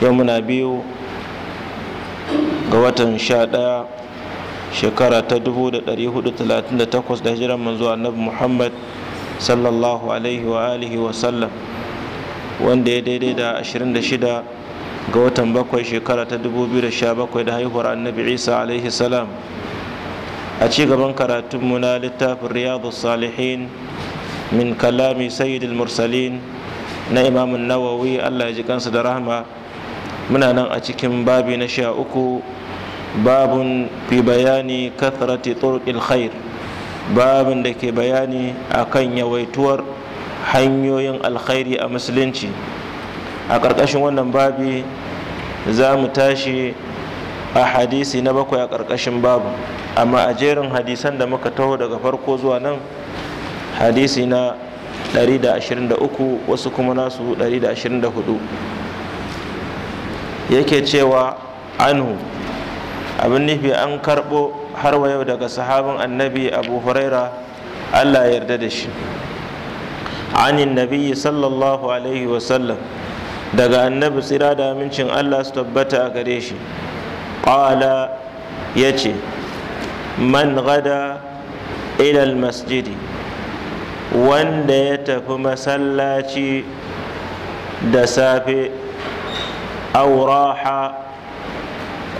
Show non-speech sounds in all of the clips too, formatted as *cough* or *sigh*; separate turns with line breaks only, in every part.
yau muna biyu ga watan sha ɗaya shekara ta 1438 da hijiran manzo annabi muhammad sallallahu alaihi wa alihi wa sallam wanda ya daidai da 26 ga watan bakwai shekara ta 2017 da haihuwar annabi isa alaihi salam a ci gaban karatunmu na littafin riyadu salihin min kalami sayyidul mursalin na imamun nawawi allah ya ji kansa da rahama muna nan a cikin babi na sha uku babun fi bayani kathrati turqil khair babin da ke bayani akan yawaituwar hanyoyin alkhairi a musulunci a ƙarƙashin wannan babi za mu tashi a hadisi na bakwai a ƙarƙashin babu amma a jerin hadisan da muka taho daga farko zuwa nan hadisi na 123 wasu kuma nasu 124 yake cewa anhu abin nufi an karɓo har wa yau daga sahabin annabi abu huraira allah yarda da shi anin nabiyyi sallallahu alaihi wasallam daga annabi tsira da amincin allah su tabbata a gare shi ƙala ya ce man gada ilal masjidi wanda ya tafi masallaci da safe auraha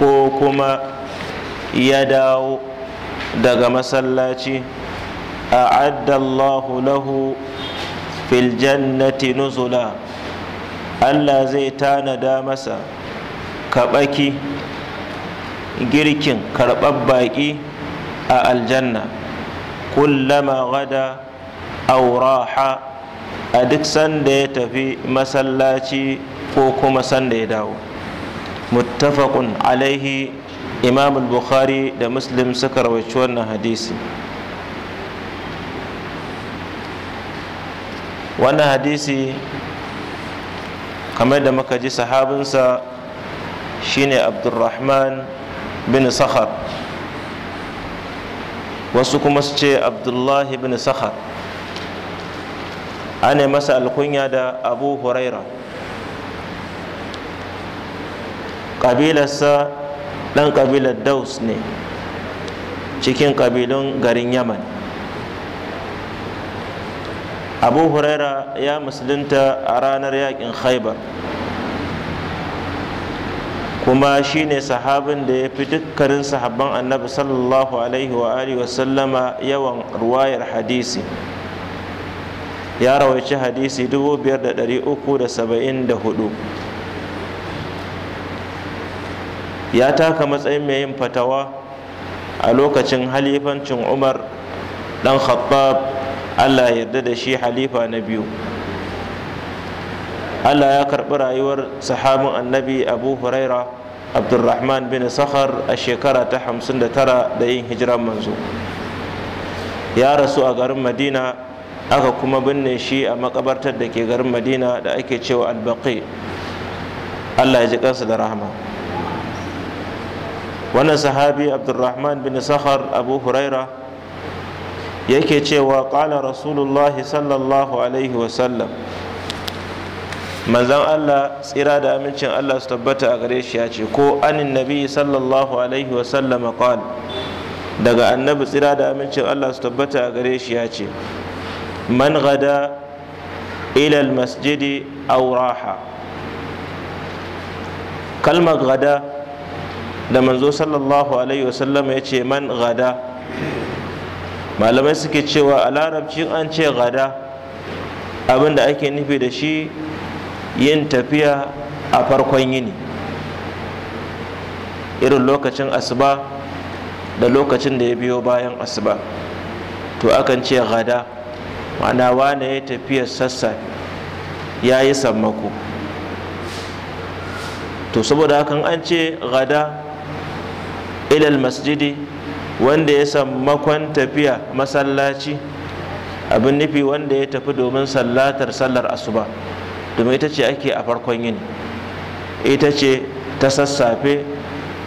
ko kuma ya dawo daga masallaci a addallahu lahu fil jannati nuzula allah zai tanada masa kaɓaki girkin karɓar baƙi a aljanna kullama gada auraha a duk sanda ya tafi masallaci ko kuma sanda ya dawo muttafaqun alaihi imam al-bukhari da muslim suka rawaci wannan hadisi wannan hadisi kamar da muka ji sahabinsa shine abdulrahman bin sakhar wasu kuma su ce abdullahi bin sakhar ana masa alkunya da abu huraira ƙabilarsa ɗan ƙabilar daus ne cikin ƙabilun garin yaman abu huraira ya musulunta a ranar yakin khaibar kuma shi ne sahabin da ya fi dukkanin sahabban annabi sallallahu alaihi wa alihi wasallama yawan ruwayar hadisi ya rawaici hadisi 5374 ya taka matsayin mai yin fatawa a lokacin halifancin umar dan khattab allah yarda da shi halifa na biyu allah ya karɓi rayuwar sahabin annabi abu huraira abdulrahman bin sahar a shekara ta 59 da yin hijiran manzo ya rasu a garin madina aka kuma binne shi a makabartar da ke garin madina da ake cewa albaqi allah ya ji kansa da rahama wannan sahabi abdurrahman bin sakhar abu huraira yake cewa ƙala rasulullahi sallallahu alaihi wasallam manzan allah tsira da amincin allah su tabbata a gare shi ya ce ko anin nabi sallallahu alaihi wasallam ƙal daga annabi tsira da amincin allah su tabbata a gare shi ya ce man gada ilal masjidi auraha kalmar gada da manzo sallallahu alaihi wasallam ya ce man gada malamai suke cewa a larabci an ce gada abin da ake nufi da shi yin tafiya a farkon yini irin lokacin asuba da lokacin da ya biyo bayan asuba to akan ce gada ma'ana wane ya tafiya sassa ya yi sammako to saboda hakan an ce gada ilal masjidi wanda ya sammakon tafiya masallaci abin nufi wanda ya tafi domin sallatar sallar asuba domin ita ce ake a farkon yini ita ce ta sassafe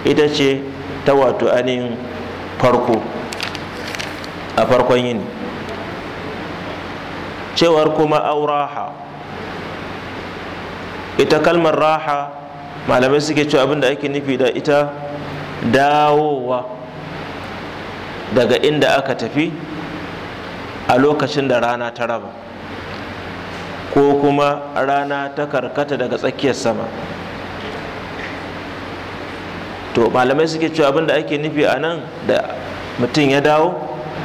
ita ce ta wato ainihin farko a farkon yini cewar kuma auraha ita kalmar raha malamai suke cewa abin da ake nufi da ita dawowa daga inda aka tafi a lokacin da rana ta raba ko kuma rana ta karkata daga tsakiyar sama to malamai suke cewa da ake nufi a nan da mutum ya dawo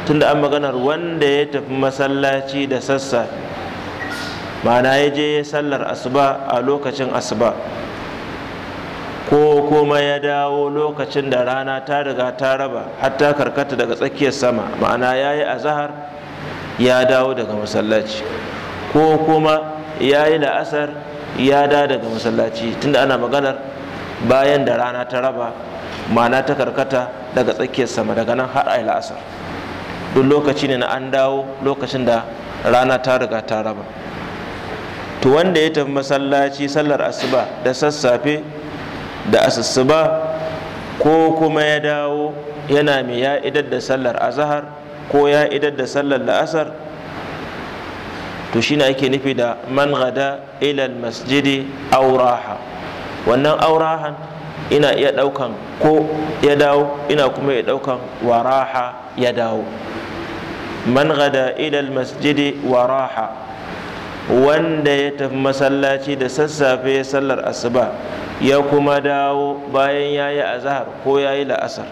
tunda an maganar wanda ya tafi masallaci da sassafe ma'ana ya je sallar asuba a lokacin asuba kuma ya dawo lokacin da rana ta riga ta raba hatta karkata daga tsakiyar sama ma'ana ya yi azahar ya dawo daga masallaci ko kuma ya yi la'asar ya da daga masallaci tunda ana maganar bayan da rana ta raba ma'ana ta karkata daga tsakiyar sama daga nan har a la'asar duk lokaci ne na an dawo lokacin da rana ta riga ta raba to wanda ya tafi masallaci sallar asuba da sassafe da asusuba, ko kuma ya dawo yana mai ya idar da sallar azahar ko ya idar da sallar la'asar to shine ake nufi da man gada ilal masjidi auraha wannan aurahan ina iya daukan ko ya dawo ina kuma iya daukan waraha ya dawo man gada ilal masjidi waraha wanda ya tafi masallaci da sassafe ya sallar asuba ya kuma dawo bayan ya yi azahar ko ya yi la'asar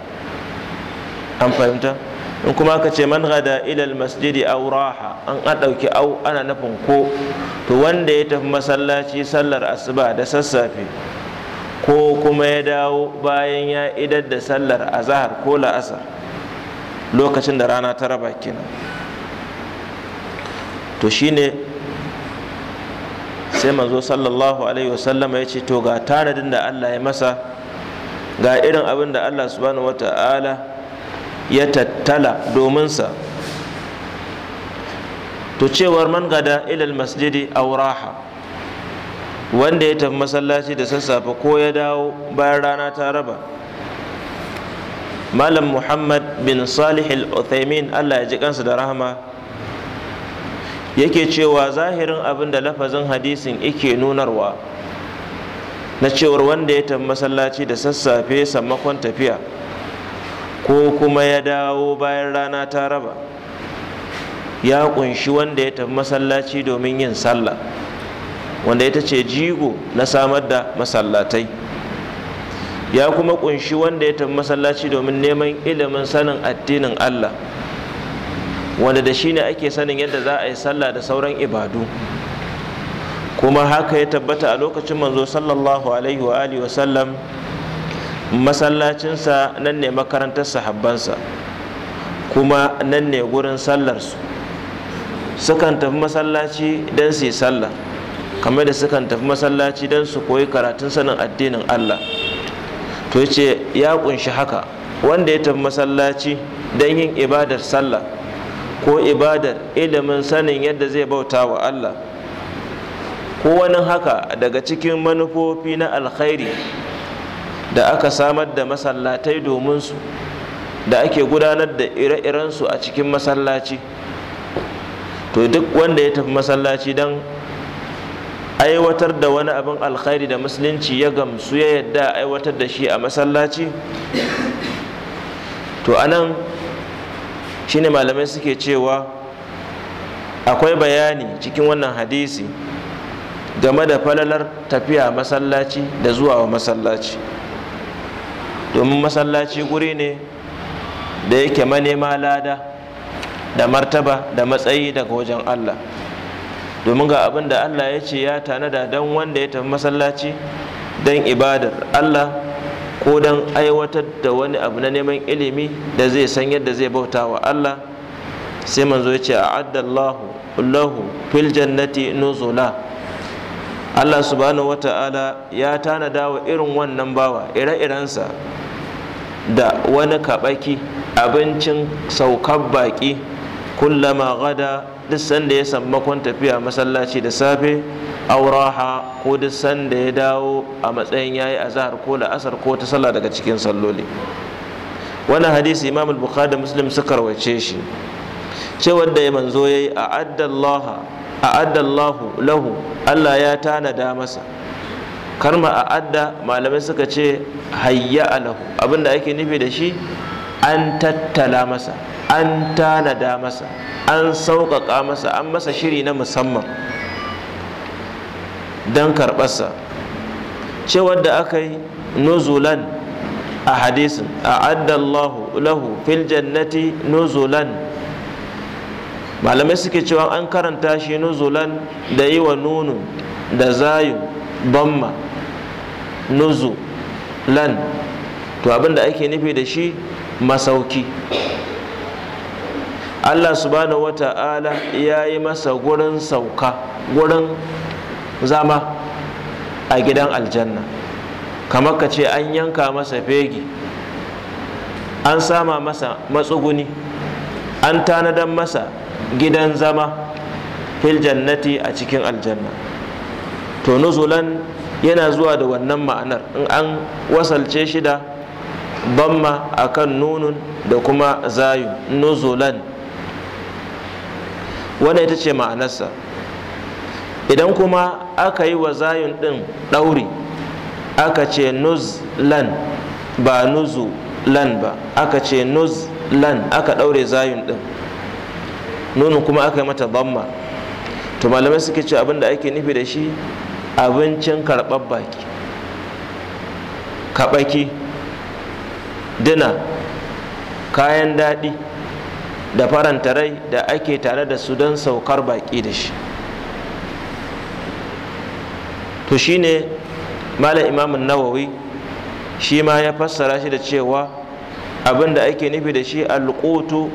an fahimta in kuma aka ce man gada ilal masjidi aw raha an ɗauki au ana nufin ko to wanda ya tafi masallaci sallar asuba da sassafe ko kuma ya dawo bayan ya idar da sallar azahar ko la'asar lokacin da rana ta raba kenan to shine sai manzo sallallahu alaihi wasallama ya ce to ga tanadin da Allah ya masa ga irin abin da Allah subhanahu wata'ala ya tattala dominsa to cewar man gada ilal masjidi auraha wanda ya tafi masallaci da sassafe ko ya dawo bayan rana ta raba malam muhammad bin salih al-uthaymin Allah ya ji kansa da rahama yake cewa zahirin abin da lafazin hadisin yake nunarwa na cewar wanda ya tafi masallaci da sassafe sammakon tafiya ko kuma ya dawo bayan rana ta raba ya kunshi wanda ya tafi masallaci domin yin sallah wanda ita ce jigo na samar da masallatai ya kuma kunshi wanda ya tafi masallaci domin neman ilimin sanin addinin Allah wanda da shi ne ake sanin yadda za a yi sallah da sauran ibadu kuma haka ya tabbata a lokacin manzo sallallahu alaihi wa alihi wasallam masallacinsa nan ne makarantar sahabbansa kuma nan ne gurin sallarsu sukan tafi masallaci don su yi sallah kamar da sukan tafi masallaci don su koyi karatun sanin addinin allah to yace ya kunshi haka wanda ya tafi masallaci don yin ibadar sallah ko ibadar ilimin sanin yadda zai bauta wa Allah ko wani haka daga cikin manufofi na alkhairi da aka samar da masallatai domin su da ake gudanar da ire iren su a cikin masallaci to duk wanda ya tafi masallaci don aiwatar da wani abin alkhairi da musulunci ya gamsu ya yadda aiwatar da shi a masallaci to anan shine malamai suke cewa akwai bayani cikin wannan hadisi game da falalar tafiya masallaci da zuwa wa masallaci domin masallaci guri ne da yake manema lada da martaba da matsayi daga wajen Allah domin ga abin da Allah ya ce ya tanada don wanda ya tafi masallaci don ibadar Allah ko don aiwatar da wani abu na neman ilimi da zai san yadda zai bauta wa Allah sai manzo ya ce a'addallahu Allahu fil jannati nuzula Allah subhanahu wata'ala ya tanada wa irin wannan bawa ire-irensa da wani kaɓaki abincin saukar baƙi kullama gada duk sanda ya makon tafiya masallaci da safe auraha ko duk sanda ya dawo a matsayin yayi azhar ko la'asar ko ta sallah daga cikin salloli wannan hadisi imam al-bukhari da muslim suka rawace shi cewar da manzo yayi a addallaha a addallahu lahu Allah ya tanada masa karma a adda malamai suka ce hayya alahu abinda ake nufi da shi an tattala masa an tanada masa an sauƙaƙa masa an masa shiri na musamman don karɓarsa cewar da aka yi nuzulan a hadisin a addallahu lahu fil jannati nuzulan malamai suke cewa an karanta shi nuzulan da yi wa nunu da zayu bamma nuzulan to abin ake nufi da shi masauki Allah subhanahu wata'ala ya yi masa gurin sauka gurin zama a gidan aljanna kamar ka ce an yanka masa fegi an sama masa matsuguni an tanadan masa gidan zama fil jannati a cikin aljanna to nuzulan yana zuwa da wannan ma'anar in an wasalce shi da bamma akan nunun da kuma zayu nuzulan wannan ita ce ma'anarsa idan kuma aka yi wa zayin ɗin ɗauri aka ce nuzlan ba nuzulan ba aka ce nuzlan aka ɗaure zayin ɗin nunu kuma aka yi mata bamma to malamai suke ce abinda ake nufi da shi abincin karɓar baki kaɓaki dina kayan daɗi da faranta rai da ake tare da su don saukar baki da shi to shine malam imamun nawawi shi ma ya fassara shi da cewa abinda da ake nufi da shi alƙutu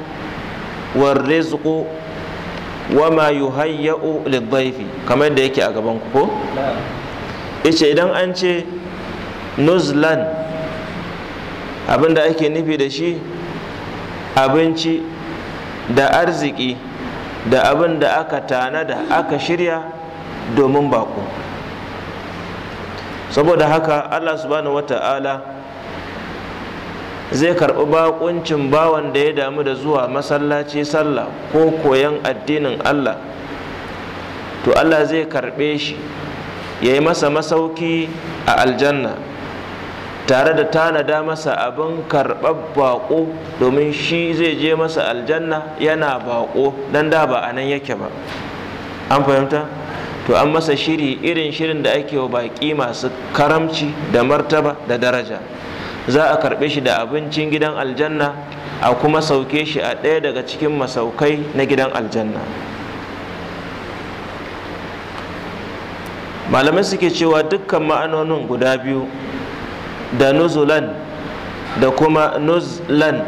wa ma yuhayya'u lidhaifi kamar da yake a gaban ku ko yace idan an ce nuzlan abin da ake nufi da shi abinci da arziki da abin da aka tanada aka shirya domin bako saboda haka allah subhanahu wata'ala zai karɓi bakuncin bawan da ya damu da zuwa masallaci sallah ko koyan addinin allah to allah zai karɓe shi ya yi masa masauki a aljanna tare da tanada masa abin karɓar baƙo domin shi zai je masa aljanna yana baƙo don da ba a nan yake ba an fahimta to an masa shiri irin shirin da ake wa baƙi masu karamci da martaba da daraja za a karɓe shi da abincin gidan aljanna a kuma sauke shi a ɗaya daga cikin masaukai na gidan aljanna malamai suke cewa dukkan ma'anonin guda biyu da nuzulan da kuma nuzlan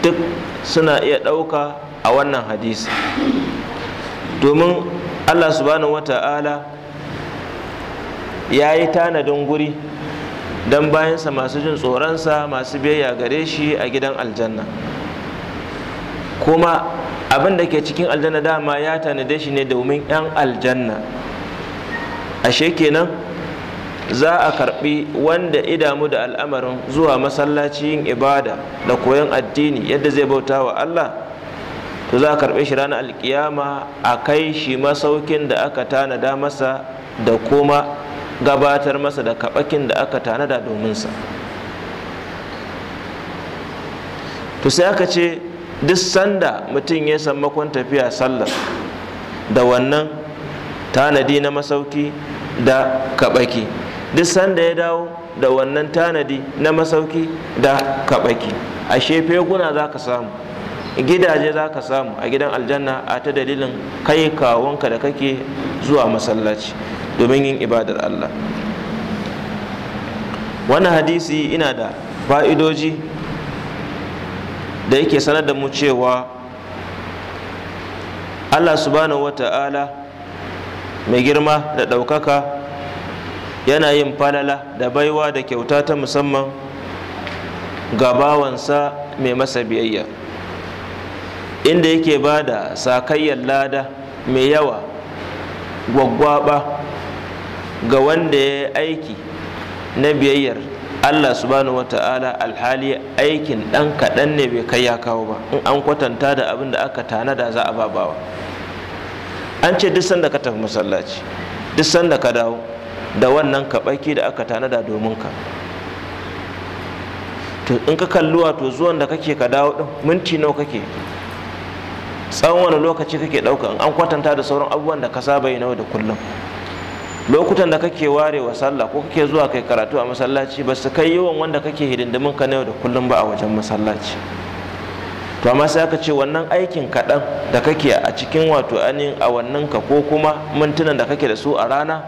duk suna iya ɗauka a wannan hadisi domin allah subhanahu wata'ala ya yi tanadin guri don bayansa masu jin tsoronsa masu biyayya gare shi a gidan aljanna kuma abin da ke cikin aljanna dama ya tanade shi ne domin 'yan aljanna ashe kenan za a karbi wanda idamu da al'amarin zuwa masallaci yin ibada da koyon addini yadda zai bauta wa Allah to za a karɓe shi ranar alkiyama a kai shi masaukin da aka tanada masa da kuma gabatar masa da kaɓakin da aka tanada sa to sai aka ce duk sanda mutum ya makon tafiya sallar da wannan tanadi na masauki da kaɓaki duk sanda ya dawo da wannan tanadi na masauki da kaɓaki a shefe guna za ka samu gidaje za ka samu a gidan aljanna a ta dalilin kai kawonka da kake zuwa masallaci domin yin ibadar Allah wannan hadisi ina da fa'idoji da yake sanar da mu cewa Allah subhanahu wata'ala mai girma da ɗaukaka yana yin falala da baiwa da kyauta ta musamman ga bawansa mai masa biyayya inda yake ba da sakayyar lada mai yawa gwaggwaba ga wanda ya yi aiki na biyayyar allah subhanahu wata'ala alhali aikin ɗan kaɗan ne bai kai ya kawo ba in an kwatanta da abin da aka tanada za a babawa an ce duk sanda ka tafi masallaci duk sanda ka dawo da wannan kaɓaki da aka tanada domin ka to in ka kalluwa to zuwan da kake ka dawo ɗin minti nawa kake tsawon wani lokaci kake ɗauka an kwatanta da sauran abubuwan da ka saba yi nawa da kullum lokutan da kake ware wa sallah ko kake zuwa kai karatu a masallaci ba su kai yawan wanda kake hidindimin ka yau da kullum ba a wajen masallaci to amma sai aka ce wannan aikin kaɗan da kake a cikin wato anin awannin ka ko kuma mintunan da kake da su a rana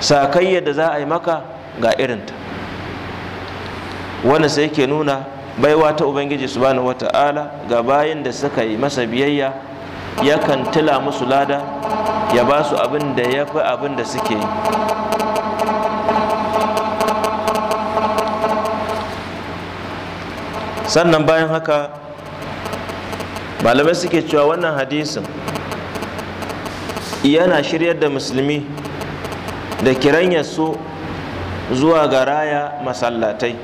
sa kai yadda za a yi maka ga irin ta. wanda sai ke nuna baiwa ta ubangiji subhanahu wata'ala ga bayan da suka yi masa biyayya yakan tila musu lada ya ba su abin da ya fi abin da suke yi sannan bayan haka malamai suke cewa wannan hadisin yana shiryar da musulmi da kiran so zuwa ga raya masallatai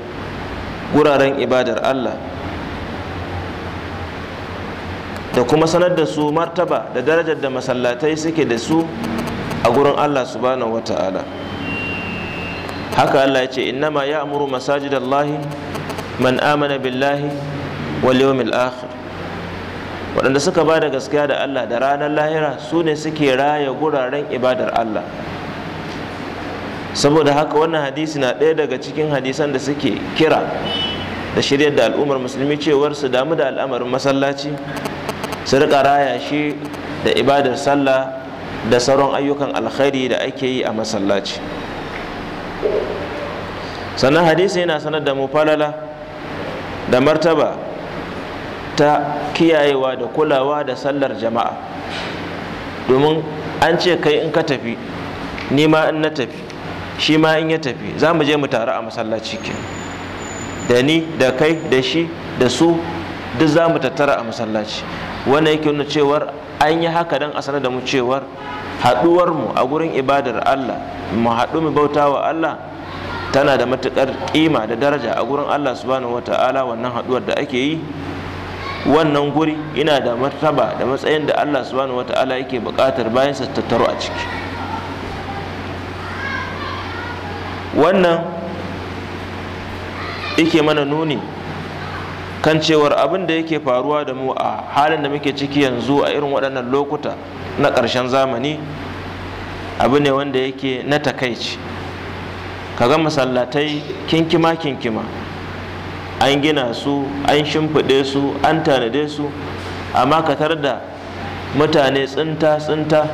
guraren ibadar Allah da kuma sanar da su martaba da darajar da masallatai suke da su a gurin Allah subhanahu wa ta'ala, haka Allah ya ce innama ya amuru masajidallahi man amana billahi wal yawmil akhir waɗanda suka ba da gaskiya da Allah da ranar lahira su ne suke raya guraren ibadar Allah saboda haka wannan hadisi na ɗaya daga cikin hadisan da suke kira da shiryar da al'ummar musulmi cewar su damu da al'amarin masallaci su riƙa raya shi da ibadar sallah da sauran ayyukan alkhairi da ake yi a masallaci sannan hadisi yana sanar da mu falala da martaba ta kiyayewa da kulawa da sallar jama'a domin an ce kai in ka tafi nima in na tafi shi ma in ya tafi za mu je mu taru a masallaci ke da ni da kai da shi da su duk za mu tattara a masallaci wannan yake nuna cewar an yi haka don a sanar da mu cewar haɗuwar mu a gurin ibadar Allah mu haɗu mu bauta wa Allah tana da matuƙar ƙima da daraja a gurin Allah subhanahu wata'ala wannan haɗuwar da ake yi wannan guri ina da martaba da matsayin da Allah subhanahu wata'ala yake buƙatar bayan sa tattaro a ciki wannan yake mana nuni kan cewar abin da yake faruwa da mu a halin da muke ciki yanzu a irin waɗannan lokuta na ƙarshen zamani abu ne wanda yake na takaici Ka ga masallatai kinkima kinkima an gina su an shimfiɗe su an tanade su amma ka tar da mutane tsinta tsinta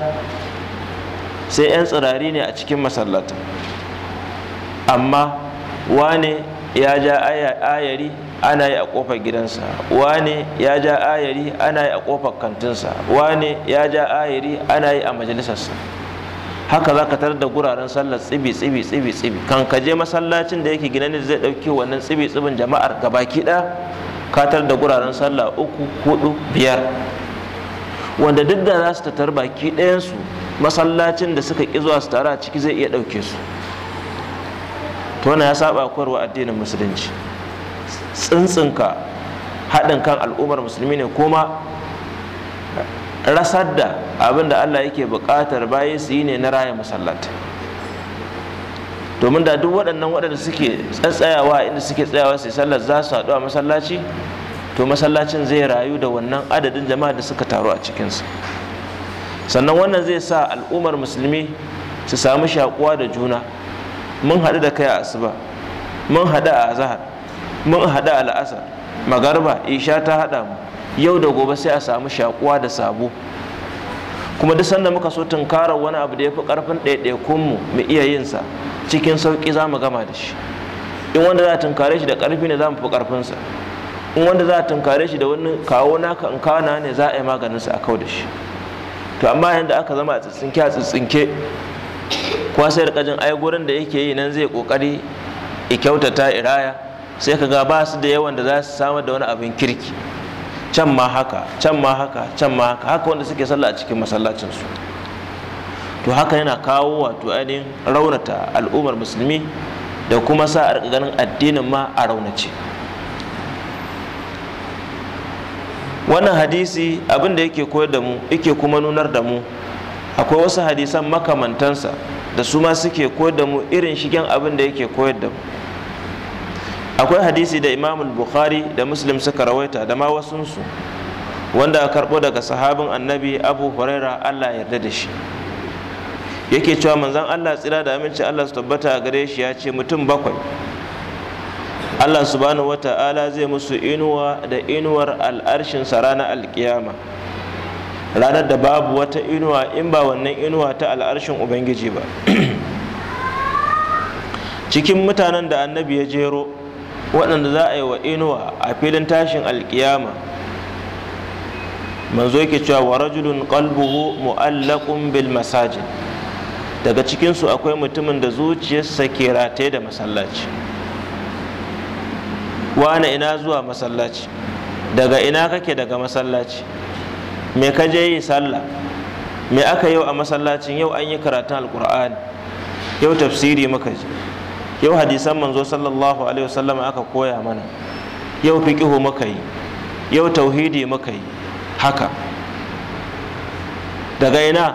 sai 'yan tsirari ne a cikin masallata amma wane ya ja ayari ana yi a kofar gidansa wane ya ja ayari ana yi a kofar kantinsa wane ya ja ayari ana yi a majalisarsa haka za ka tar da guraren sallar tsibi tsibi tsibi tsibi kan ka je masallacin da yake gina ne zai ɗauki wannan tsibi tsibin jama'ar gaba ɗaya ka tar da guraren sallah uku hudu biyar wanda duk da za su tatar baki ɗayansu masallacin da suka ƙi zuwa su tara ciki zai iya ɗauke su to wannan ya saba koyarwa addinin musulunci tsintsinka haɗin kan al'ummar musulmi ne kuma rasar da abin da Allah yake buƙatar bayan su yi ne na raya masallat domin da duk waɗannan waɗanda suke tsatsayawa inda suke tsayawa su sallar za su haɗu a masallaci to masallacin zai rayu da wannan adadin jama'a da suka taru a cikinsu. sannan wannan zai sa al'ummar musulmi su samu shaƙuwa da juna mun haɗu da kai a asuba mun haɗu a azahar mun haɗu a la'asar magarba isha ta haɗa mu yau da gobe sai a samu shakuwa da sabo kuma duk sanda muka so tunkarar wani abu da ya fi ƙarfin ɗaiɗaikunmu mu iya sa cikin sauƙi za mu gama da shi in wanda za a tunkare shi da ƙarfi ne za mu fi ƙarfinsa in wanda za a tunkare shi da wani kawo naka in kawo ne za a yi maganinsa a kau da shi to amma yadda aka zama a tsitsinke a tsitsinke kuwa sai rika jin ai gurin da yake yi nan zai kokari i kyautata iraya sai ka ga ba su da yawan da za su samar da wani abin kirki can ma haka can ma haka can ma haka haka wanda suke sallah a cikin masallacin su to haka yana kawo wato ainihin raunata al'ummar musulmi da kuma sa a ganin addinin ma a raunace wannan hadisi abin da yake koyar da mu yake kuma nunar da mu akwai wasu hadisan makamantansa da su ma suke koyar da mu irin shigen abin da yake koyar da mu akwai hadisi da imam bukhari da muslim suka rawaita da ma wasunsu wanda a karɓo daga sahabin annabi abu huraira allah yarda da shi yake cewa manzan allah tsira da aminci allah su tabbata gare shi ya ce mutum bakwai allah subhanahu wata'ala zai musu inuwa da inuwar al'arshin sarana ranar alkiyama ranar da babu wata inuwa in ba wannan inuwa ta al'arshin ubangiji ba *clears throat* cikin mutanen da annabi ya jero waɗanda za a yi wa inuwa a filin tashin alkiyama manzo yake cewa wa rajulun qalbuhu mu'allaqun bil masajid daga cikinsu akwai mutumin da zuciyarsa ke rataye da masallaci wane ina zuwa masallaci daga ina kake daga masallaci me ka je yi sallah me aka yau a masallacin yau an yi karatun alkur'ani yau tafsiri muka ji yau hadisan manzo sallallahu alaihi wasallam aka koya mana yau fiqihu muka yi yau tauhidi muka yi haka daga ina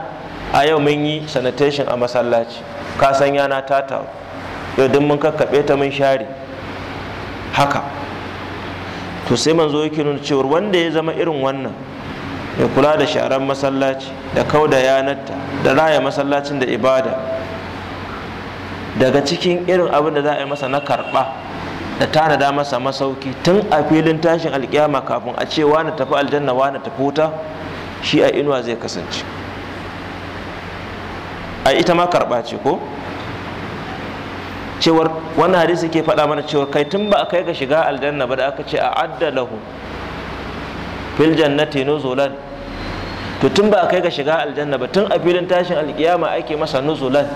a yau mun yi sanitation a masallaci ka san yana tata yau din mun kakkaɓe ta mun share haka to sai manzo yake nuna cewa wanda ya zama irin wannan ya kula da sharan masallaci da kauda yanarta da raya masallacin da ibada daga cikin irin abin da za a yi masa na karɓa da tanada masa masauki tun a filin tashin alkiyama kafin a ce wani tafi aljanna wani tafi wuta shi a inuwa zai kasance a ita ma karɓa ce ko cewar wani hadisi ke faɗa mana cewar kai tun ba a kai ga shiga aljanna ba da aka ce a adda lahu fil jannati nuzulan to tun ba a kai ga shiga aljanna ba tun a filin tashin alkiyama ake masa nuzulan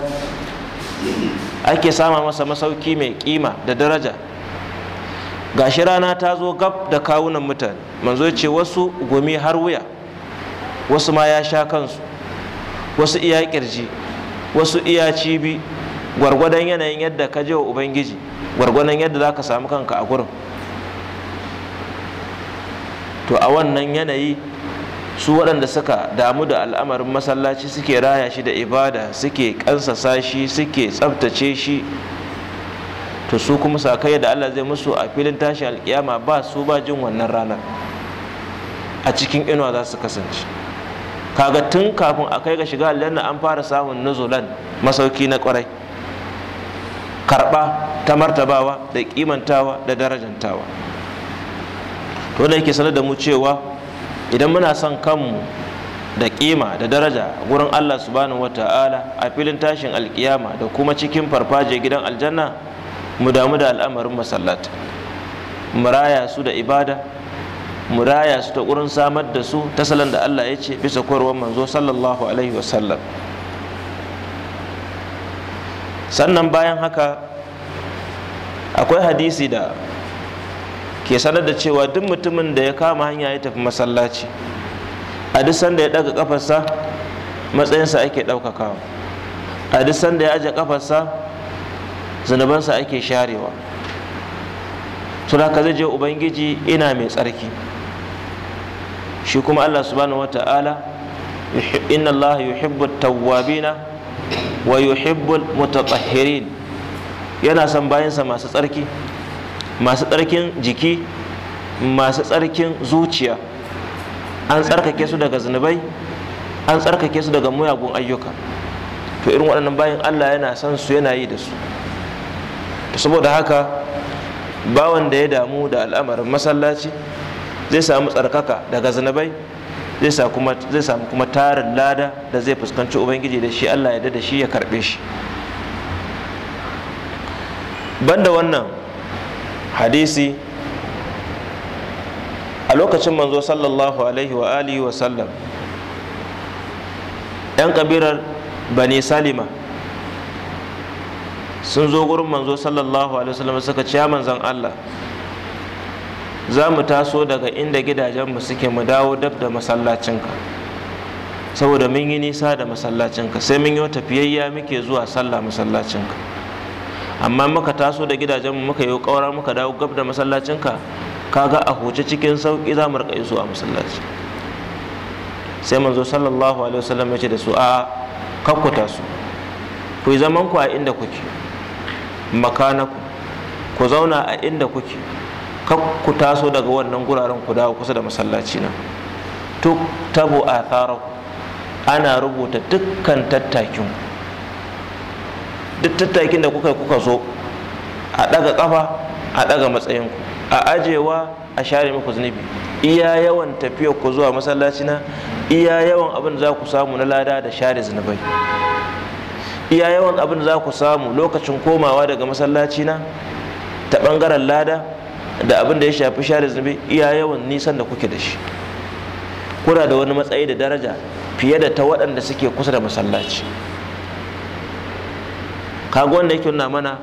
ake sama masa masauki mai kima da daraja gashi rana ta zo gab da kawunan mutane manzo ce wasu gumi har wuya wasu ma ya sha kansu wasu iya kirji wasu iya cibi gwargwadon yanayin yadda ka je wa ubangiji gwargwadon yadda za ka samu kanka a gurin to a wannan yanayi su waɗanda suka damu da al'amarin masallaci suke raya shi da ibada suke kansasa shi suke tsabtace shi to su kuma sakai da Allah zai musu a filin tashi alkiyama ba su ba jin wannan ranar a cikin inuwa za su kasance kaga tun kafin a kai ga shiga aljanna an fara samun nuzulan masauki na kwarai karɓa ta martabawa da kimantawa da darajantawa wanda yake sanar da mu cewa idan muna son kanmu da kima da daraja gurin Allah subhanahu wata'ala a filin tashin alkiyama da kuma cikin farfaje gidan aljanna mu damu da al'amarin masallata mu raya su da ibada mu raya su ta gurin samar da su ta salon da Allah ya ce bisa koyarwar manzo sallallahu alaihi wasallam sannan bayan haka akwai hadisi da ke sanar da cewa duk mutumin da ya kama hanya ya tafi masallaci a duk sanda ya daga kafarsa matsayinsa ake ɗaukakawa a duk sanda ya aje kafarsa zunubansa ake sharewa tun haka zai je ubangiji ina mai tsarki shi kuma allah subhanahu wata'ala inna allaha yuhibbu tawwabina wa yuhibbu mutatahhirin yana son bayansa masu tsarki masu tsarkin jiki masu tsarkin zuciya an tsarkake su daga zunubai an tsarkake su daga muyagun ayyuka to irin waɗannan bayan allah yana son su yana yi da su saboda haka bawan da ya damu da al'amarin masallaci zai samu tsarkaka daga zunubai zai samu kuma tarin lada da zai fuskanci ubangiji da shi allah ya da shi ya karɓe shi banda wannan hadisi a lokacin manzo sallallahu alaihi wa alihi wa sallam yan kabirar bani salima sun zo gurin manzo sallallahu alaihi sallam suka ce manzon Allah za mu taso daga inda gidajenmu suke mu dawo dab da masallacinka saboda mun yi nisa da masallacinka sai mun yi tafiyayya muke zuwa sallah masallacinka amma muka taso da gidajenmu muka yi ƙaura muka dawo gab da masallacinka kaga a huce cikin sauƙi za mu riƙa zuwa masallaci sai manzo sallallahu alaihi wasallam ya ce da su a kakkuta su ku zaman ku a inda kuke makanaku ku zauna a inda kuke ku taso daga wannan guraren ku dawo kusa da masallaci na tuk tabo a ana rubuta dukkan tattakin ku duk tattakin da kuka kuka so a ɗaga kafa a ɗaga matsayinku a ajewa a share muku zunubi iya yawan tafiyar ku zuwa masallaci na iya yawan abin za ku samu na lada da share zunubai iya yawan abin za ku samu lokacin komawa daga masallaci na ta ɓangaren lada da abin da ya shafi share zunubi iya yawan nisan da kuke da shi kuna da wani matsayi da daraja fiye da ta waɗanda suke kusa da masallaci kaga wanda yake nuna mana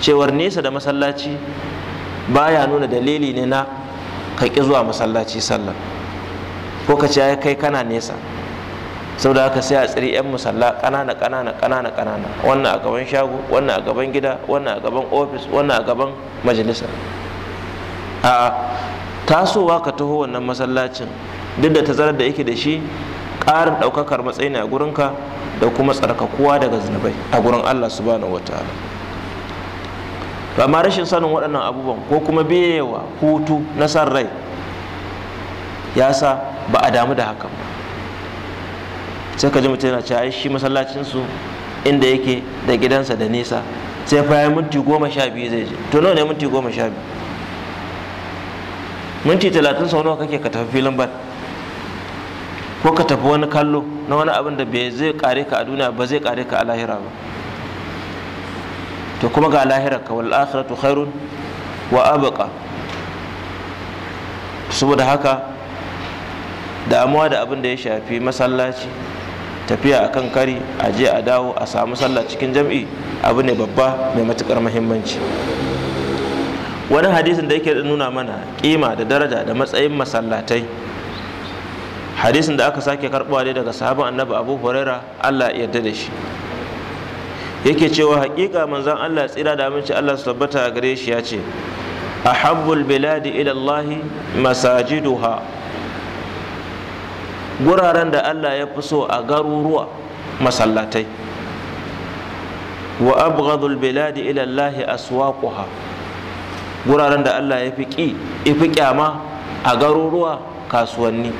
cewar nesa da masallaci baya nuna dalili ne na ka zuwa masallaci sallar ko ka ce kai kana nesa saboda haka sai a tsiri 'yan musalla ƙanana ƙanana ƙanana ƙanana wannan a gaban shago wannan a gaban gida wannan a gaban ofis wannan a gaban majalisa a tasowa ka taho wannan masallacin duk da ta tazarar da yake da shi ƙarin ɗaukakar matsayi ne a gurinka da kuma tsarkakuwa daga zunubai a gurin Allah subhanahu wataala to amma rashin sanin waɗannan abubuwan ko kuma biyewa hutu na san rai ya sa ba a damu da hakan ba sai ka ji mutum yana cewa shi masallacinsu inda yake da gidansa da nisa sai fa ya minti goma sha biyu zai je to nawa ne minti goma sha biyu minti talatin sau nawa kake ka tafi filin bat ko ka tafi wani kallo na wani abin da bai zai kare ka a duniya ba zai kare ka a lahira ba to kuma ga lahira ka wal akhiratu khairun wa abqa saboda haka damuwa da abin da ya shafi masallaci tafiya akan kari a je a dawo a samu sallah cikin jam'i abu ne babba mai matukar muhimmanci wani hadisin da yake nuna mana kima da daraja da matsayin masallatai hadisin da aka sake karbuwa ne daga sahabin annabi abu huraira allah ya yarda da shi yake cewa hakika manzon allah tsira da aminci allah su tabbata gare shi ya ce ahabbul biladi ila allah masajiduha guraren da allah ya fi so a garuruwa masallatai wa abghadul biladi ila allah aswaquha guraren da allah ya fi ki ifi kyama a garuruwa kasuwanni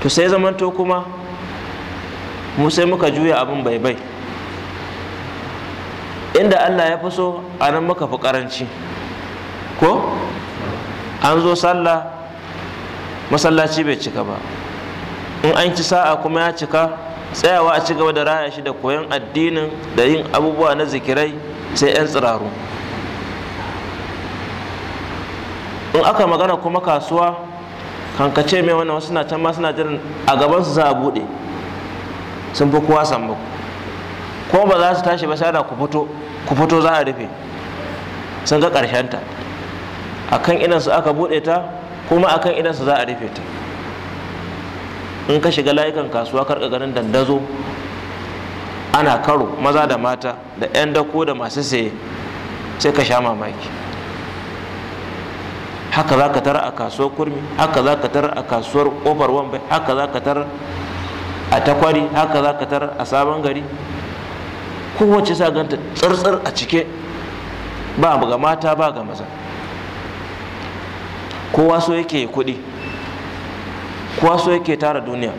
to sai zamanto kuma mu sai muka juya abin bai bai inda allah ya fi so a nan muka fi karanci ko an zo sallah masallaci bai cika ba in an ci sa'a kuma ya cika tsayawa a ci gaba da raya shi da koyon addinin da yin abubuwa na zikirai sai 'yan tsiraru in aka magana kuma kasuwa hankace mai wannan wasu na can ma suna jiran a gaban su za a bude sun fi kowa sambo ko ba za su tashi ba sai da ku fito ku za a rufe sun ga a akan idan su aka bude ta kuma akan idan su za a rufe ta in ka shiga layukan kasuwa karka ganin dandazo ana karo maza da mata da 'yan dako da masu saye sai ka sha mamaki haka za ka tara a kasuwar kurmi haka za ka tara a kasuwar ƙofar wambai haka za ka tara a takwari haka za ka tara a sabon gari kowace sa ganta tsartsar a cike ba ga mata ba ga maza kowa so yake kuɗi kowa so yake tara duniya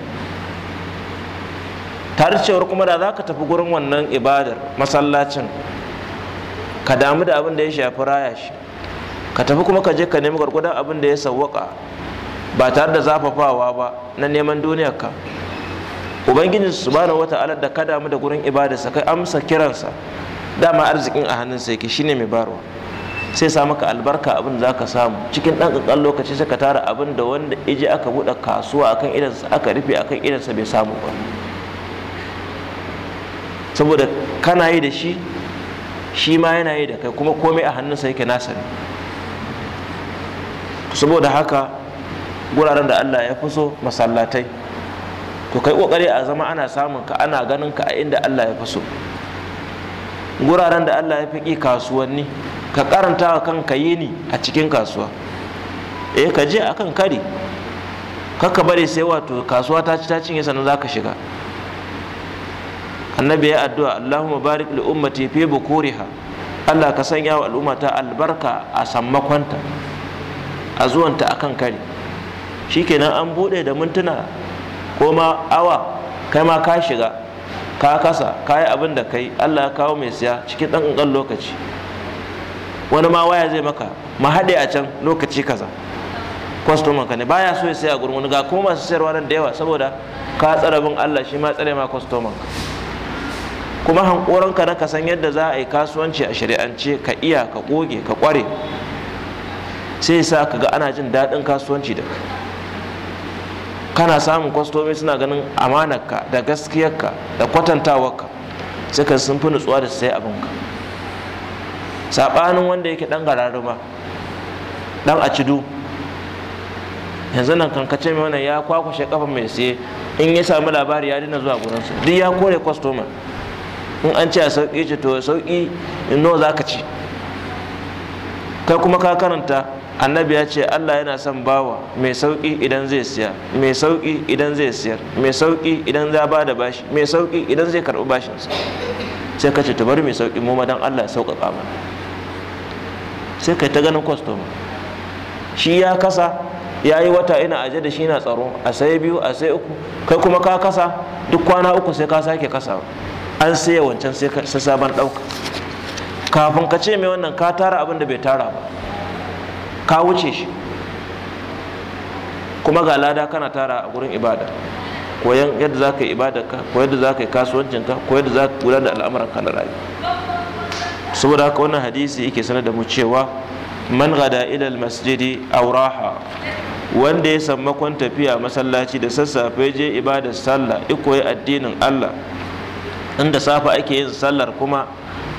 tare cewar kuma da za ka tafi gurin wannan ibadar masallacin ka damu da abin da ya shafi raya shi ka tafi kuma ka je ka nemi gwargwadon abin da ya sawwaka ba tare da zafafawa ba na neman duniyar ka. ubangiji subhanahu wata'ala da ka damu da gurin ibadarsa kai amsa kiransa dama arzikin a hannun sai ki shine mai barwa sai sa maka albarka abin da zaka samu cikin ɗan kankan lokaci sai ka tara abin da wanda iji aka buɗe kasuwa akan idansa aka rufe akan idansa bai samu ba saboda kana yi da shi shi ma yana yi da kai kuma komai a hannunsa yake nasa ne saboda haka guraren da Allah ya fi so masallatai to kai kokari a zama ana samun ka ana ganin ka a inda Allah ya fi so guraren da Allah ya fi kasuwanni ka karanta wa kanka yini a cikin kasuwa eh ka je akan kari kakka bari sai wato kasuwa ta ci ta cinye sannan za ka shiga annabi ya addu'a Allahumma barik li ummati fi bukuriha Allah ka sanya wa al'umma ta albarka a sammakonta a zuwanta a akan kari kenan an buɗe da mintuna ko ma awa kai ma ka shiga ka kasa ka yi abin da kai allah ya kawo mai siya cikin ɗan ƙanƙan lokaci wani ma waya zai maka ma haɗe a can lokaci kaza kwastoman ka ne baya so ya siya gurin wani ga kuma masu sayarwa nan da yawa saboda ka tsara bin allah shi ma tsare ma kwastoman ka kuma hankoranka na ka san yadda za a yi kasuwanci a shari'ance ka iya ka goge ka kware sai sa ka ga ana jin daɗin kasuwanci da kana samun kwastomi suna ganin amanarka da gaskiyarka da kwatantawarka sai ka sun fi nutsuwa da sai abinka saɓanin wanda yake ɗan gararuma ɗan a cidu yanzu nan kankace mai wannan ya kwakwashe kafa mai siye in ya sami labari ya dina zuwa gurinsa duk ya kore kwastoma in an ce a sauƙi ce to sauƙi in nawa za ka ci kai kuma ka karanta annabi ya ce allah yana son bawa mai sauƙi idan zai siya mai sauƙi idan zai siyar mai sauƙi idan za ba da bashi mai sauƙi idan zai karɓi bashinsa sai ka ce ta bari mai sauƙi mu madan allah ya sauƙaƙa mana sai yi ta ganin kwastoma shi ya kasa ya yi wata ina aje da shi na tsaro a sai biyu a sai uku kai kuma ka kasa duk kwana uku sai ka sake kasa an sai wancan sai sabon ɗauka kafin ka ce mai wannan ka tara abin da bai tara ba ka wuce shi kuma ga lada kana tara a gurin ibada koyan yadda za ka yi ibadarka ko yadda za ka yi kasuwancinka ko yadda za ka gudanar da al'amuranka na rayu saboda haka wannan hadisi yake sanar da mu cewa man gada ila masjidi auraha wanda ya sammakon tafiya masallaci da sassafe je ibadar sallah iko addinin Allah inda safa ake yin sallar kuma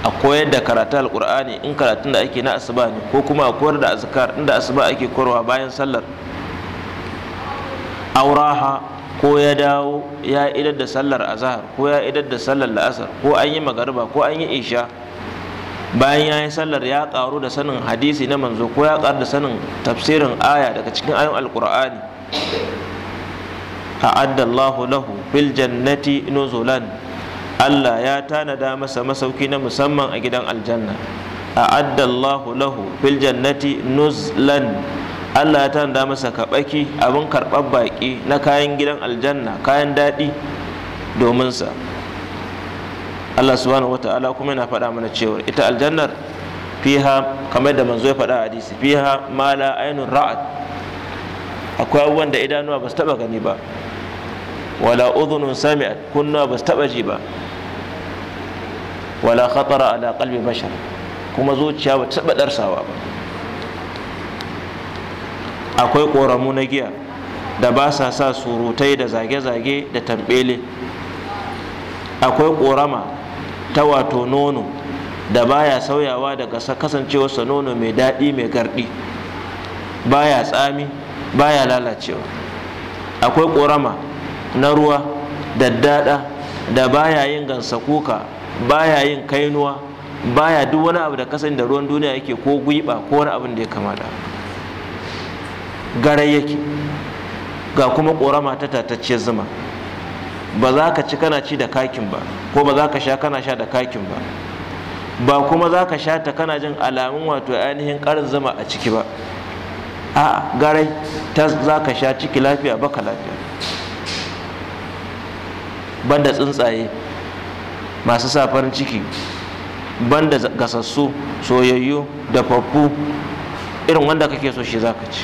a koyar da karatu alkur'ani in karatun da ake na asuba ne ko kuma a koyar da azkar inda asuba ake koyarwa bayan sallar auraha ko ya dawo ya idar da sallar azahar ko ya idar da sallar la'asar ko an yi magariba ko an yi isha bayan ya yi sallar ya karu da sanin hadisi na manzo ko ya karu da sanin tafsirin aya daga cikin ayon alkur'ani a'addallahu lahu fil jannati nuzulan Allah ya tanada masa masauki na musamman a gidan aljanna a Allahu lahu fil jannati nuzlan Allah ya tanada masa kabaki abin karɓar baƙi na kayan gidan aljanna kayan daɗi domin sa Allah subhanahu wata'ala kuma yana faɗa mana cewa ita aljannar fiha kamar da manzo ya faɗa a hadisi fiha ma la ainun ra'at akwai abubuwan da idanuwa ba su taɓa gani ba wala udhunun sami'at kunnuwa ba su taɓa ji ba wala khatara ala qalbi bashar kuma zuciya ba taɓa ɗarsawa ba akwai ƙoramu na giya da ba sa sa surutai da zage-zage da tambele akwai ƙorama ta wato nono da baya sauyawa daga kasancewarsa nono mai daɗi mai garɗi baya tsami baya lalacewa akwai ƙorama na ruwa da daddada da baya yin gansa kuka baya yin kainuwa baya duk wani abu da kasan da ruwan duniya yake ko guiba ko wani abin da ya kamata garai yake ga kuma ƙorama ta tatacce zuma ba za ka ci kana ci da kakin ba ko ba za ka sha kana sha da kakin ba ba kuma za ka sha ta kana jin alamun wato ainihin karin zuma a ciki ba a garai ta za ka sha ciki lafiya baka lafiya banda tsuntsaye masu sa farin ciki banda gasassu soyayyu dafaffu irin wanda kake so shi zaka ci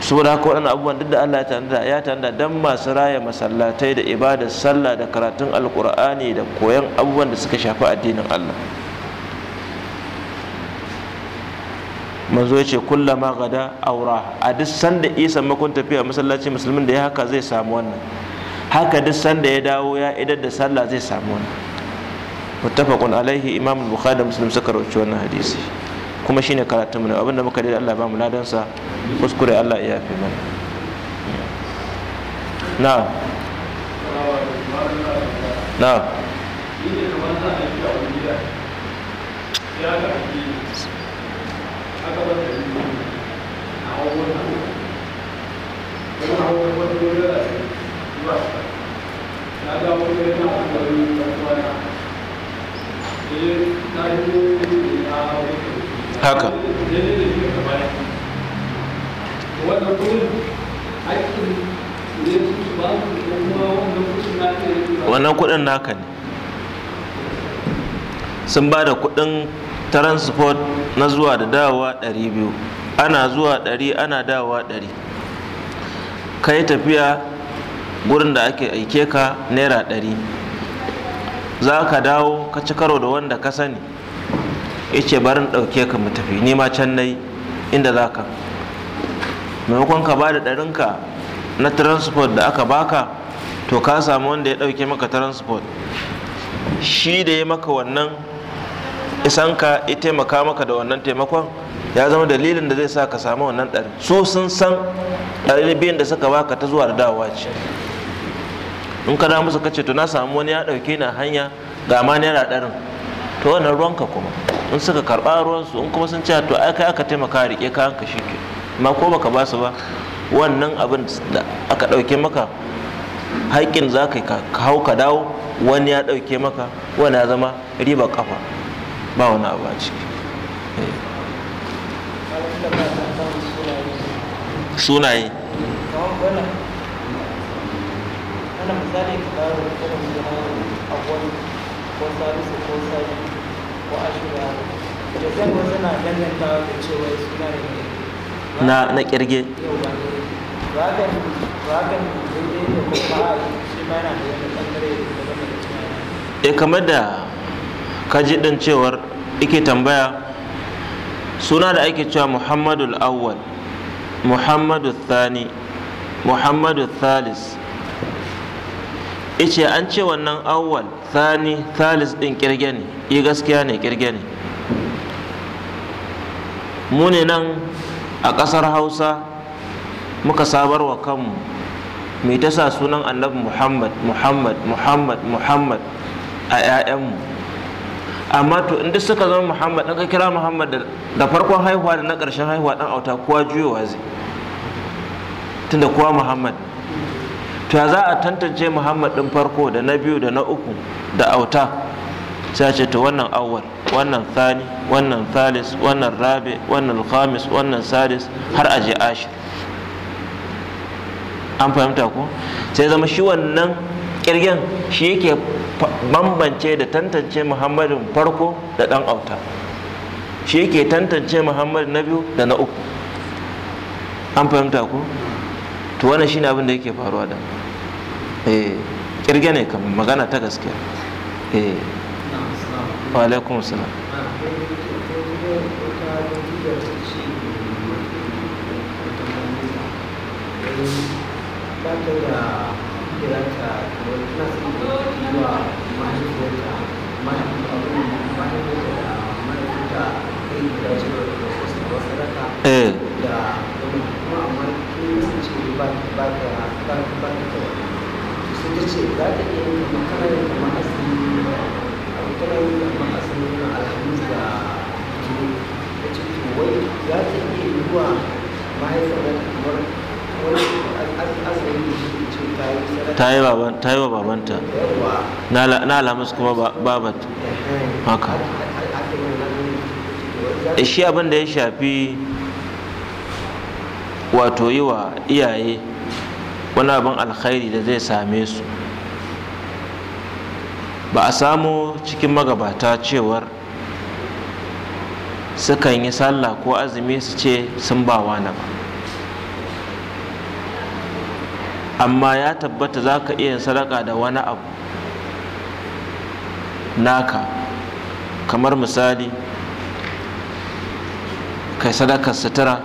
saboda haka abubuwan duk da Allah ya tanda don masu raya masallatai da ibada, sallah da karatun alkur'ani da koyan abubuwan da suka shafi addinin Allah manzo ya kulla kullama gada aura a duk sanda isa makon tafiya masallaci musulmin da ya haka zai samu wannan haka duk sanda ya dawo ya idar da sallah zai samu wani mutafakun alaihi imam bukhari da muslim suka rawaito wannan hadisi kuma shine karatun mu abinda muka dai Allah ba mu ladan sa kuskure Allah ya yafe mana na na Yeah. haka wannan kudin na ne naka ne sun ba da kudin transport na zuwa da dawowa 200 ana zuwa 100 ana dawowa 100 kai tafiya gurin da ake aike ka naira ɗari za ka dawo ka ci karo da wanda ka sani ya ce barin ɗauke ka mu tafi nima can na yi inda za ka maimakon ka ba da ɗarinka na transport da aka baka to ka samu wanda ya ɗauke maka transport shi da ya maka wannan isan ka ya taimaka maka da wannan taimakon ya zama dalilin da zai sa ka samu wannan ɗari so sun san ɗari biyun da suka baka ta zuwa da dawowa ce in ka damu suka ce to na samu wani ya ɗauke na hanya ga ma naira ɗarin to wannan ruwanka kuma in suka karɓa ruwansu in kuma sun ce to ai kai aka taimaka riƙe ka hanka shi ke ma ko baka ba su ba wannan abin da aka ɗauke maka haƙƙin za ka hau ka dawo wani ya ɗauke maka wani ya zama riba kafa ba wani abu a ciki eh. sunaye alal misali kamar da gidan abuwan ko salisu ko sani ko ashira da zan wasu na dangantawa da cewa suna da na na kirge ba kan da kuma shi eh, kaji din cewar ike tambaya suna da ake cewa Muhammadu awwal muhammadul thani Muhammadu thalis ce an ce wannan awwal thani thalis din kirge ne i e, gaskiya ne kirge ne mu ne nan a ƙasar hausa muka sabar wa kanmu mai ta sa sunan annabi muhammad muhammad muhammad muhammad a 'ya'yanmu amma to in duk suka zama muhammad ɗan kira muhammad da farkon haihuwa da na ƙarshen haihuwa ɗan auta kowa juyowa zai tunda kowa muhammad ne ta za a tantance muhammad din farko da na biyu da na uku da auta sai ce to wannan awwal wannan thani wannan thalis wannan rabi wannan khamis wannan sadis har a je ashir an fahimta ko sai zama shi wannan kirgen shi yake bambance da tantance muhammadin farko da dan auta shi yake tantance muhammadin na biyu da na uku an fahimta ko to wannan shine abin da yake faruwa da mu eh kirge ne kamar magana ta gaskiya eh. wa alaikum ta yiwa babanta na alhamis kuma babat haka shi abin da ya shafi wato yi wa iyaye wani abin alkhairi da zai same su ba a samu cikin magabata cewar sukan yi sallah ko azumi su ce sun ba wani ba amma ya tabbata za ka iya sadaka da wani abu naka kamar misali kai sadakar sutura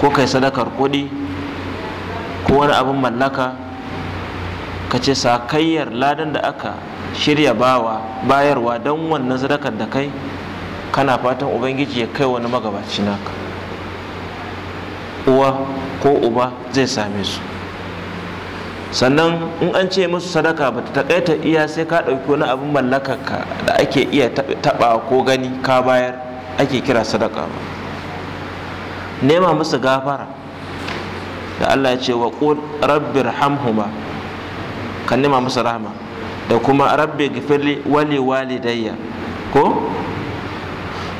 ko kai sadakar kuɗi ko wani abin mallaka ka ce sakayyar ladan da aka shirya bawa bayarwa don wannan sadakar da kai kana fatan ubangiji ya kai wani magabaci naka uwa ko uba zai same su sannan in an ce musu sadaka ba ta takaita iya sai ka ɗauki wani abin mallakarka da ake iya taɓa ko gani ka bayar ake kira sadaka ba nema musu gafara da Allah ya ce wa rabbir hamhuma kan nema masa rahama da kuma rabbi gifirli wali walidayya ko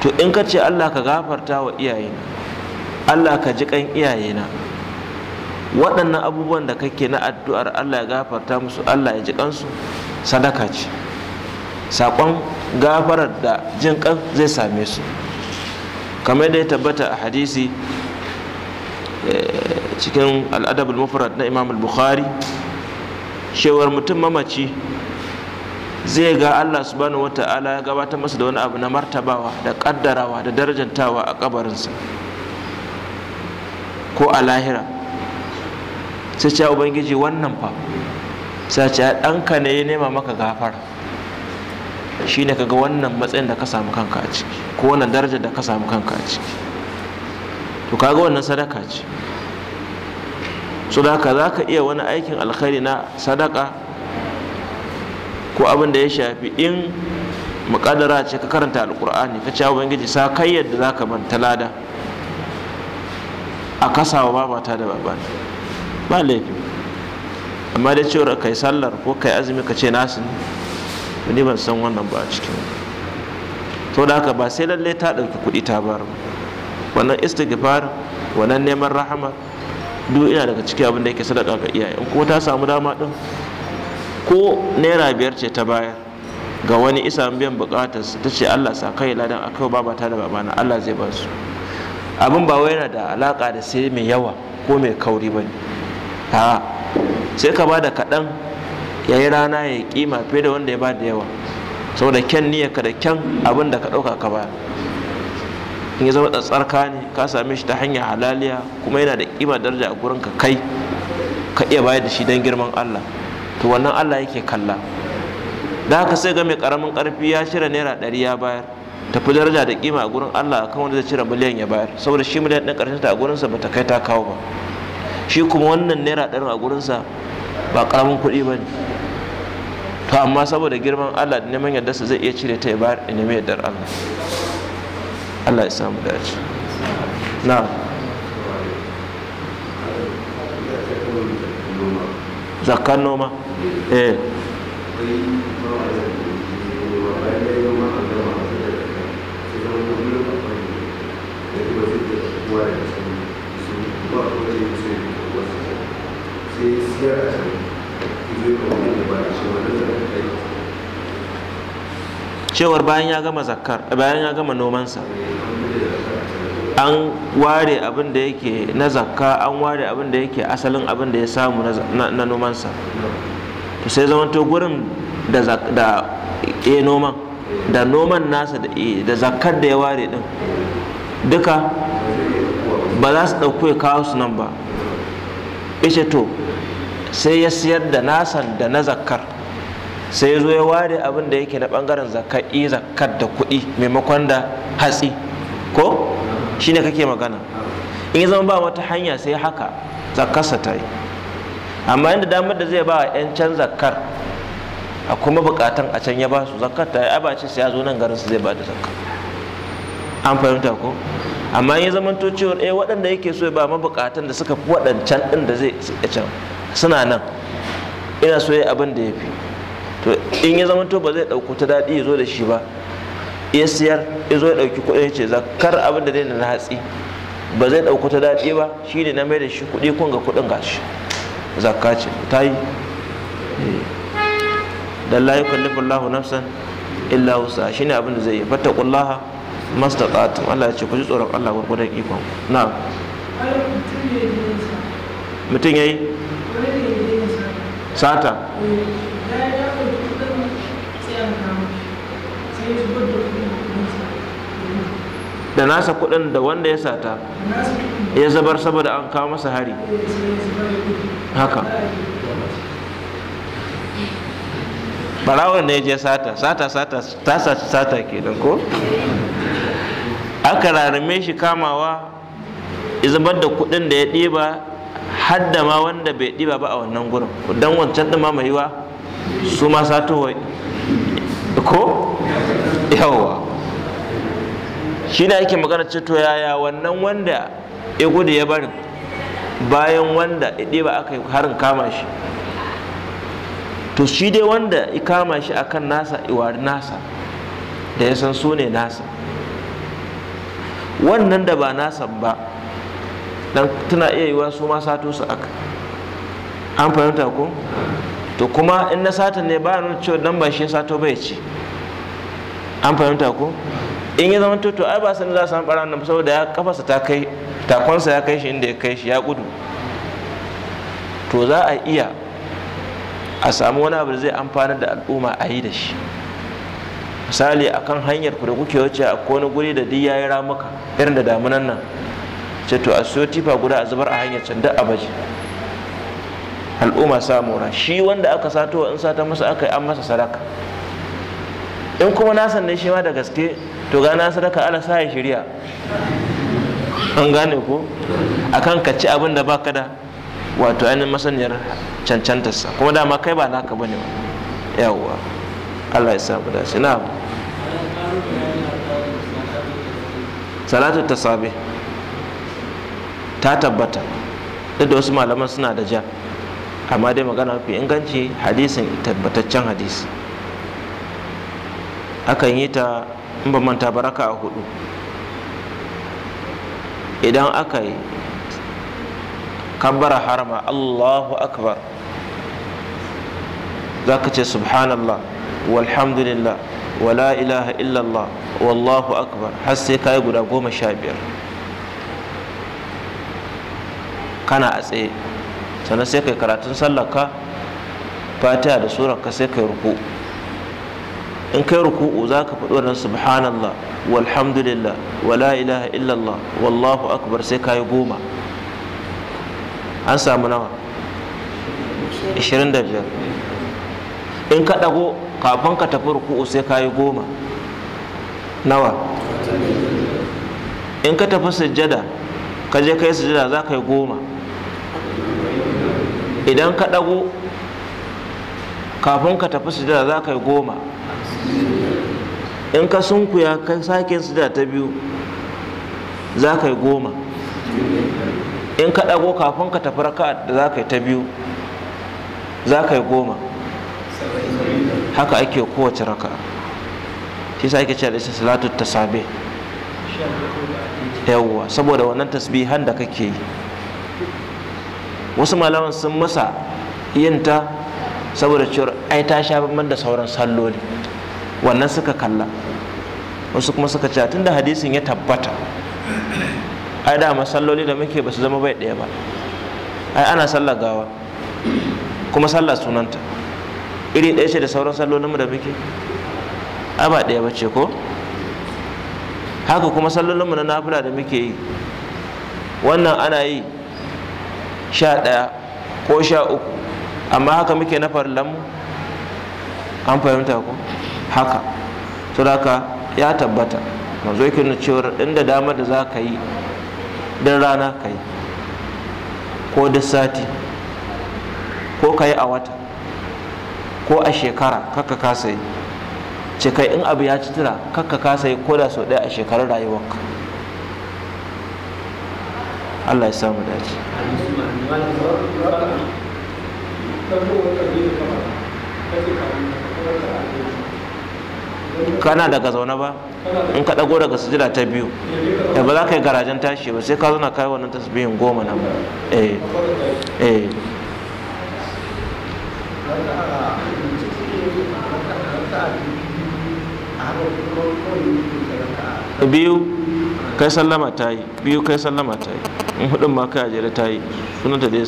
to in ka ce allah ka gafarta wa iyayena allah ka ji kan iyayena waɗannan abubuwan da kake na addu'ar allah ya gafarta musu allah ya ji kansu sadaka ce saƙon gafarar da jin kan zai same su kamar da ya tabbata a hadisi eh, cikin al'adab al-mufrad na imam bukhari Shewar mutum mamaci zai ga allah subhanahu Ala ya gabatar masa da wani abu na martabawa da kaddarawa da darajantawa a kabarinsa ko a lahira sai ce ubangiji wannan fa sai ce ɗanka ne ya nema maka gafara shi ne kaga wannan matsayin da ka samu kanka a ciki ko wannan darajar da ka samu kanka a ciki to kaga wannan sadaka ce so da haka za ka iya wani aikin alkhairi na sadaka ko abin da ya shafi in makadara ce ka karanta alƙur'ani ka cewa ubangiji sa kai yadda za ka manta lada a kasawa babata da babana ba laifi amma da cewar kai sallar ko kai azumi ka ce nasu ne ban san wannan ba a cikin to da haka ba sai lallai ta ɗauki kuɗi ta bar wannan istighfar wannan neman rahama duk ina daga ciki abin da yake sadaka ga iyaye ko ta samu dama din ko naira biyar ce ta baya? ga wani isa biyan bukatar ta ce Allah sa kai ladan akai babata da babana Allah zai ba su abin ba wai yana da alaka da sai mai yawa ko mai kauri bane Ha, sai ka bada kaɗan ya yi rana ya yi kima fiye da wanda ya ba da yawa saboda kyan niyyarka da kyan abin da ka ɗauka ka bayar in ya zama tsarka ne ka same shi ta hanyar halaliya kuma yana da kima daraja a gurin ka kai ka iya bayar da shi don girman Allah to wannan Allah yake kalla da haka sai ga mai karamin karfi ya cire naira ɗari ya bayar tafi daraja da kima a gurin Allah akan wanda zai cire miliyan ya bayar saboda shi miliyan ɗin karshen ta a gurinsa sa bata kai ta kawo ba shi kuma wannan naira ɗarin a gurinsa ba karamin kuɗi ba ne to amma saboda girman Allah da neman yardarsa zai iya cire ta ya bayar da neman yardar Allah Allah ya samu dace na noma eh cewar bayan ya gama zakar bayan ya gama nomansa an ware abin da yake na zakka an ware abin da yake asalin abin da ya samu na nomansa to sai zamanto gurin da da ya noman da noman nasa eh, da zakkar da ya ware din duka ba za su ɗauko ya kawo su nan ba ishe to sai ya siyar da nasan da na zakkar sai ya zo ya ware abin da yake na bangaren zaka'i zakat da kuɗi maimakon da hatsi ko shine kake magana in ya zama ba wata hanya sai haka zakarsa ta yi amma inda damar da zai ba wa 'yan can zakar a kuma bukatan a can ya ba su zakar ta yi bace sai ya zo nan garin su zai ba da zakar an fahimta ko amma ya zama to cewar eh waɗanda yake so ya ba mabukatan da suka fi waɗancan ɗin da zai can suna nan ina so ya abin da ya fi to in ya zama to ba zai ɗauko ta daɗi ya zo da shi ba ya siyar ya zo ya ɗauki kuɗi ya ce zakar abin da zai na hatsi ba zai ɗauko ta daɗi ba shi ne na mai da shi kuɗi kun ga kuɗin gashi zakka ce ta yi eh. da la yukallifu Allahu nafsan illa wusa shine abin da zai yi fattaqullaha mastata'tum Allah ya ce ku ji tsoron Allah gurgurdan ikon na'am mutum yayi sata eh. da nasa kuɗin da wanda ya sata ya zabar saboda an kawo masa hari haka barawar da ya je sata sata sata ta saci sata ke ko aka rarame shi kamawa zabar da kudin da ya ɗiba hadda ma wanda bai ɗiba ba a wannan gurin don wancan ɗin mai yiwa su ma wai? ko Yawwa. shi ne yake magana ce to yaya wannan wanda ya gudu ya bari bayan wanda ya ɗeba aka yi harin kama shi to shi dai wanda ya kama shi akan nasa iwari nasa da ya san su ne nasa wannan da ba nasa ba dan tana iya yiwa su ma sato su aka an fahimta ko to kuma in na satan ne ba nuna cewa dan ba shi sato bai ce an fahimta ko in ya zama to ai ba sani za su samu nan saboda ya kafasa ta kai takonsa ya kai shi inda ya kai shi ya gudu to za a iya a samu wani abu da zai amfana da al'umma a yi da shi misali a kan hanyar ku da kuke wuce a kone guri da duk yayi ramuka irin da damunan nan ce to a siyo tifa guda a zubar a hanyar can duk a baje al'umma samura shi wanda aka sato in sata masa aka yi an masa sadaka in kuma na sanne shi ma da gaske to ga na sadaka ala sa ya shirya an gane ko akan ka ci abin da baka da wato ainihin masaniyar cancantarsa kuma dama kai ba naka bane ba yawwa Allah ya samu shi na salatu tasabi ta tabbata duk da wasu malaman suna da ja amma dai magana mafi inganci hadisin tabbataccen hadisi akan yi ta in ba manta baraka a hudu idan aka yi kabbara harama allahu akbar za ka ce subhanallah walhamdulillah wala ilaha illallah wallahu akbar har sai ka yi guda goma sha biyar kana a tsaye sannan sai kai karatun ka fatiha da surarka sai kai ruku in kai ruku'u za ka faɗi wannan subhanallah walhamdulillah wala ilaha illallah wallahu akbar sai ka yi goma an samu nawa 25 in ka ɗago kafin ka tafi ruku'u sai ka yi goma nawa in ka tafi sujjada ka je ka yi sujjada za ka yi goma idan ka ɗago kafin ka tafi sujjada za ka yi goma in ka sunkuya ka sake sujada ta biyu za ka yi goma in ka ɗago kafin ka tafi raka da za ka yi ta biyu za ka yi goma haka ake kowace raka shi sa ake cewa da salatu sabe yawwa saboda wannan tasbihan da kake yi wasu malaman sun masa yin ta saboda cewar ai ta sha bamban da sauran salloli wannan suka kalla wasu kuma suka ce da hadisin ya tabbata ai da masalloli da muke ba su zama bai ɗaya ba ai ana sallar gawa kuma sallar sunanta iri ɗaya ce da sauran sallolinmu da muke ai ba ɗaya ba ce ko haka kuma sallolinmu na nafila da muke yi wannan ana yi sha ɗaya ko sha uku amma haka muke na mu an fahimta ko haka saboda ya tabbata manzo yake nuna din da damar da za ka yi din rana ka yi ko duk sati ko ka yi a wata ko a shekara kakka kasa yi ce kai in abu ya ci tura kakka kasa yi ko da sau ɗaya a shekarar rayuwarka Allah ya samu dace Thank you. kana daga zaune ba in ka dago daga sujada ta biyu da eh, ba za ka yi garajen tashi ba sai ka zo na kai wannan tasbihin goma nan eh eh biyu kai sallama ta yi biyu kai sallama ta yi in hudun ma kai ajiyar ta yi sunanta dai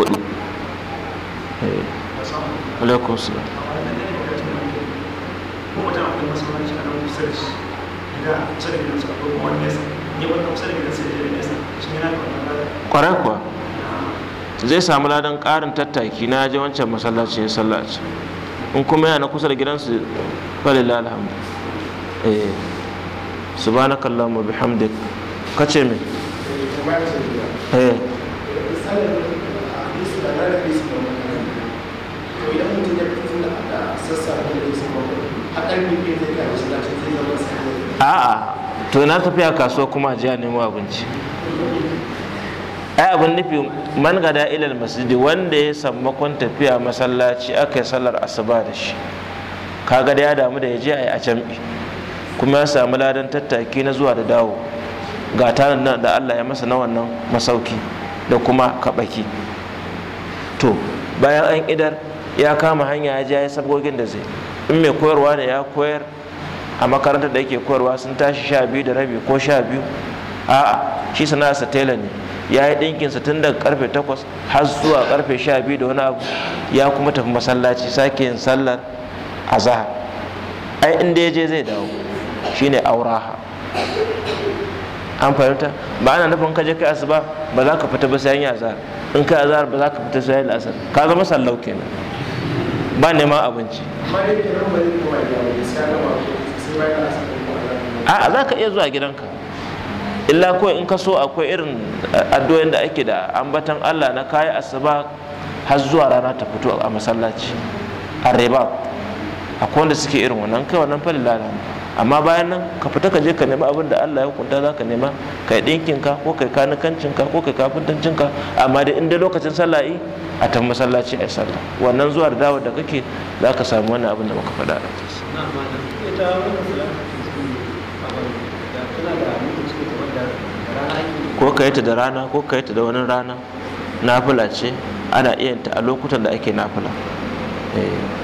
hudu eh. alaikum salam wani zai samu ladan ƙarin tattaki na je wancan masallaci ya sallaci in kuma yana kusa da gidansu falillah alhamdu eh subhanakallahumma bihamdik kace me eh idan mutum ya da sassa a'a to na tafiya kasuwa kuma a jiya nemo abinci ai abin nufi man gada ilal masjidi wanda ya sammakon tafiya masallaci aka yi sallar asuba da shi kaga da ya damu da ya je a yi a cambi kuma ya sami ladan tattaki na zuwa da dawo ga tanan da allah ya masa na wannan masauki da kuma kabaki. to bayan an idar ya kama hanya ya je ya sabgogin da zai in mai koyarwa ne ya koyar a makarantar da yake koyarwa sun tashi sha biyu da rabi ko sha biyu a'a shi sana'arsa tela ne ya yi ɗinkinsa tun daga karfe takwas har zuwa karfe sha biyu da wani abu ya kuma tafi masallaci sake yin sallar azahar ai inda ya je zai dawo shine auraha an fahimta ba ana nufin ka je kai asuba ba za ka fita ba sai an yi azahar in kai azahar ba za ka fita sai an yi asar ka zama sallau kenan ba neman abinci a za ka iya zuwa gidanka illa kawai in ka so akwai irin addu'o'in da ake da ambatan allah na kayi asuba har zuwa rana ta fito a masallaci a reba akwai wanda suke irin wannan kai wannan falin lalata amma bayan nan ka fita ka je ka nemi abin da Allah ya hukunta za ka nema kai ɗinkin ka ko kai kanukancin ka ko kai kafintancin ka amma da inda lokacin sallah yi a tan masallaci a sallah wannan zuwa da dawo da kake za ka samu wannan abin da muka faɗa a ko ka yi ta da rana ko ka yi ta da wani rana nafila ce ana iya ta a lokutan da ake nafila eh